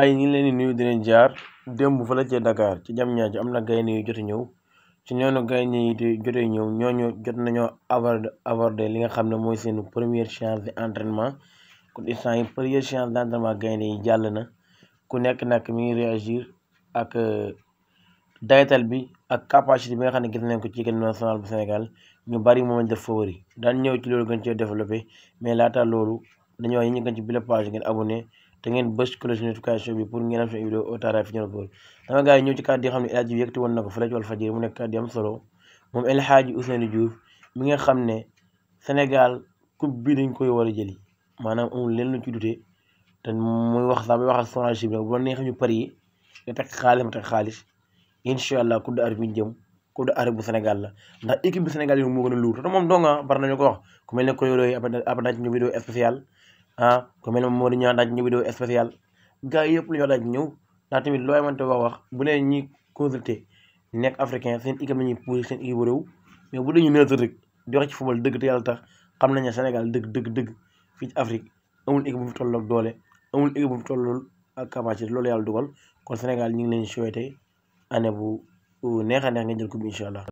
ay ñu leen di nuyu di leen jaar démb fële ca Dakar ci jam ñaaji am na gaynde yu jot ñëw ci noonu gaynde yi di jotee ñëw ñooñu jot nañoo aborder aborder li nga xam ne mooy seen première séance d'entraînement kon instant yi première séance d'entraînement gaynde yi jàll na ku nekk nag mi ngi réagir ak euh, daytal bi ak capacité bi nga xam ne gis nañ ko ci équipe nationale bu Sénégal ñu bari moom lañ def favori daan ñëw ci loolu gën cee développé mais laata loolu dañu wax yi ñu kan ci bile page ngeen abonné te ngeen bës cloche notification bi pour ngeen am seen vidéo au tarafi ñon ne El Hadji am solo moom El Hadji Ousseynou Diouf mi nga xam ne senegal coupe bi dañ koy war a jëli maanaam amul leen lu ci dute te muy wax sax bi wax a sonage bi nag bu neexee ñu pari yi nga xaalis ma teg xaalis incha allah coupe d'Afrique bi ñu jëm coupe d'Afrique bu senegal la ndax équipe bu Sénégal yi moo gën a luur te moom donga ah bari nañu ko ku mel ne ko yooyu après naa ah ku mel ne Modou ñaa daaj ñu vidéo spécial gars yi yëpp la ñoo daaj ñëw ndax tamit looy mënta wax wax bu leen ñuy consulter nekk africain seen équipe la ñuy poussé seen équipe réew mais bu dee ñu neutre rek di wax ci football dëgg te yàlla tax xam nañ ne Sénégal dëgg dëgg dëgg fii ci Afrique amul équipe bu fi toll doole amul équipe bu fi toll ak capacité loolu yàlla dugal kon Sénégal ñu ngi leen souhaité année bu neex a neex ngeen jël coupe bi allah.